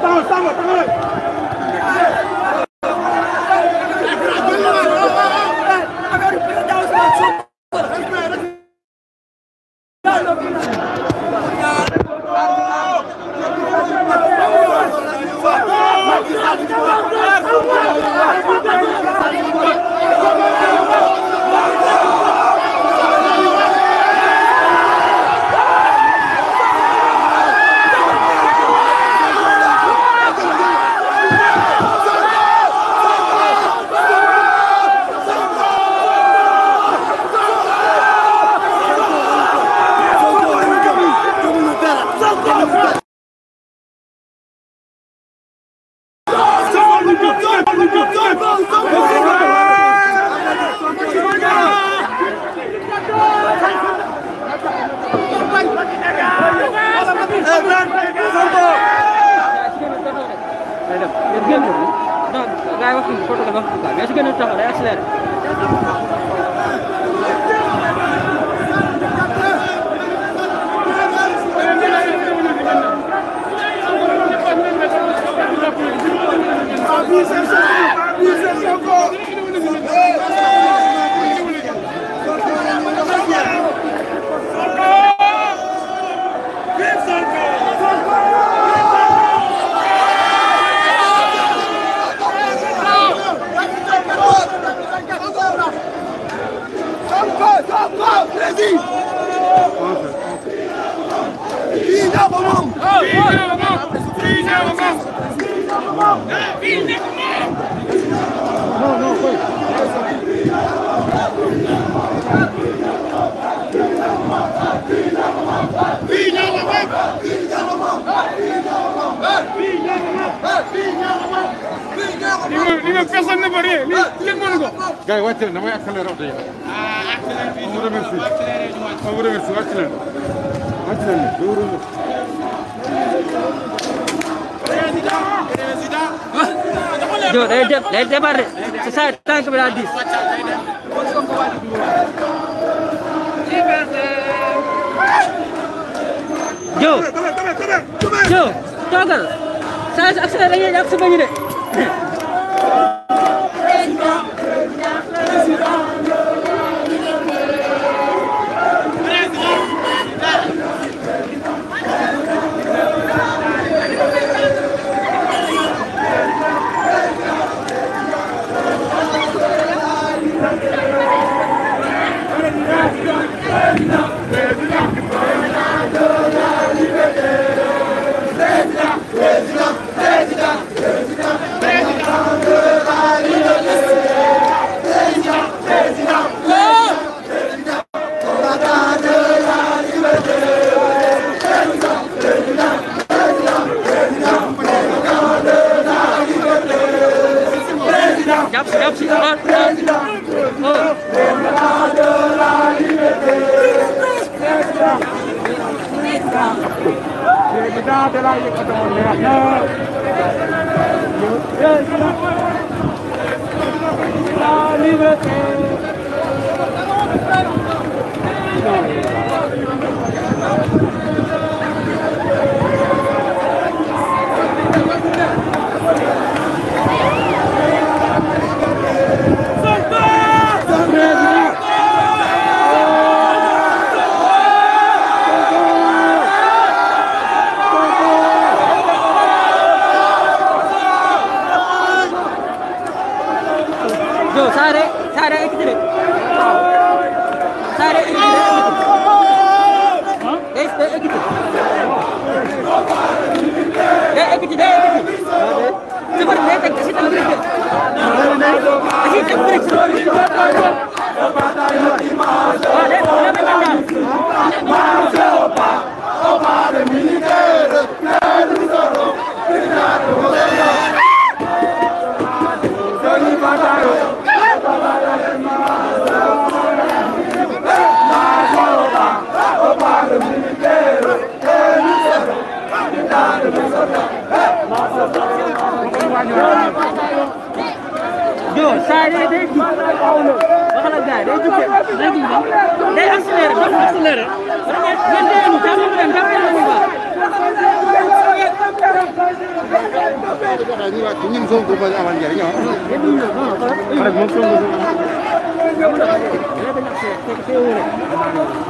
taxawal taxawal taxawal non gars yi wax nañu photo dafa am mais su gën a taxaw day accéléré. Thank you. personne ne peut rien lii kenn mënu ko. gars yi wàcc leen damay accéléré oto yi. ah accéléré bi ñu wàcc ma vous remercie wàcc leen wàcc leen président président. jo day def day defar de c'est ça bi daa diis jo jo toogal saa su accéléré dañuy ñàkk su bañu Yap, yap, yap. président de la Yëkkatamoo neex na le président de la liberté സാറേ സാറേ എത്തിച്ചിട്ട് സാറേ Thank you. joo saa day day jub waxal ak gars day jub te day jub day accéléré dafa accéléré yéen day yëngu jàpp leen jàpp leen bu baax. ñun soo ko bëgg amal njëriñ ah. xale bi moom soo ko bëgg.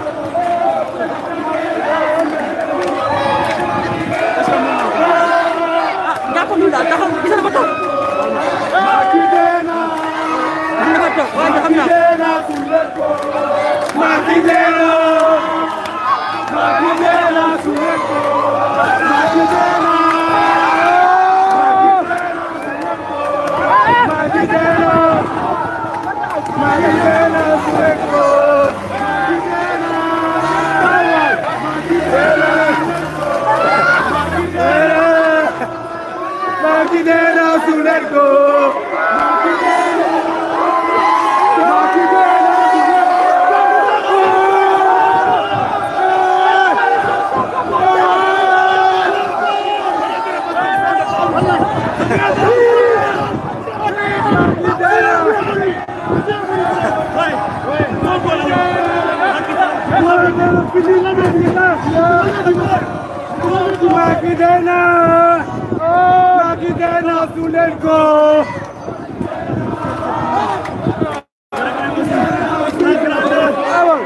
taasu leen ko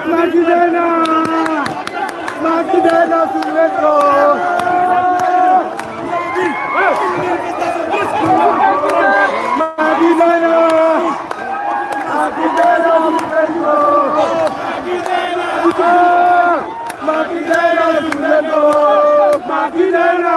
Macky dee na Macky dee na suul leen ko Macky dee na Macky dee na suul leen ko Macky dee na suul leen ko Macky dee na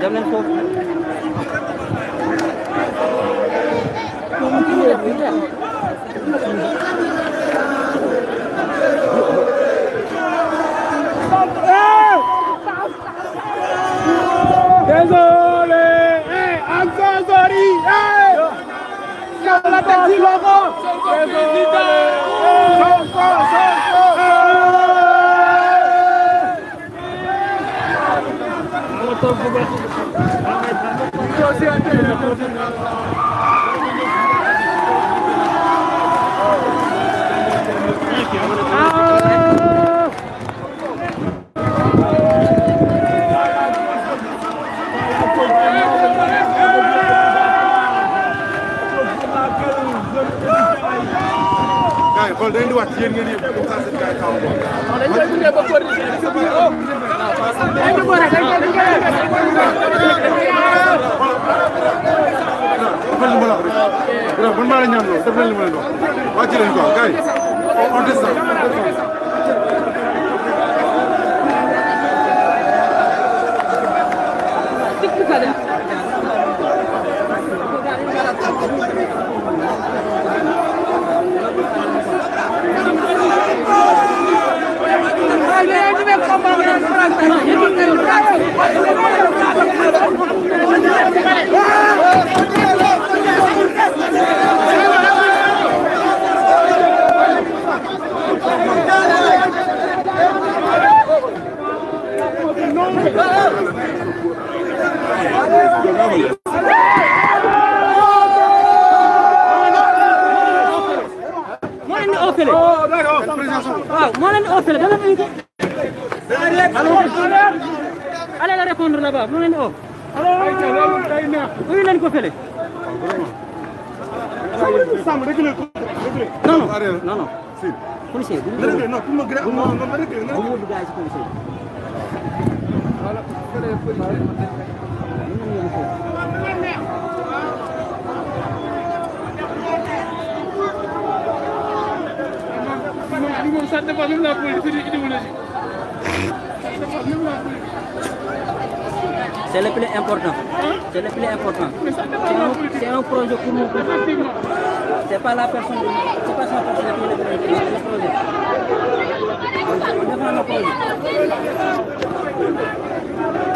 dem leen foofu Ah! maire kon dañ di wax ci yéen ngeen yëpp comme ça seen gars yi taw ko dañ koy gunge ba ko di ci bi o dañ ko rek dañ ko dañ ko man maa la ñaan loolu def leen li ma leen wax wàcc leen quoi gars yi on descend on descend Thank you. uyu leen ko fële. sàmm rek leen ko non non non policier bu ñu ko non pour ma gën a non non rek bu ñu yóbbu gars yi si policier voilà ça dépasse même la police c'est idéologique ça dépasse même la police C'est le plus important. C'est le plus important. C'est un, un, projet pour nous. C'est pas la personne, c'est pas son projet qui est projet.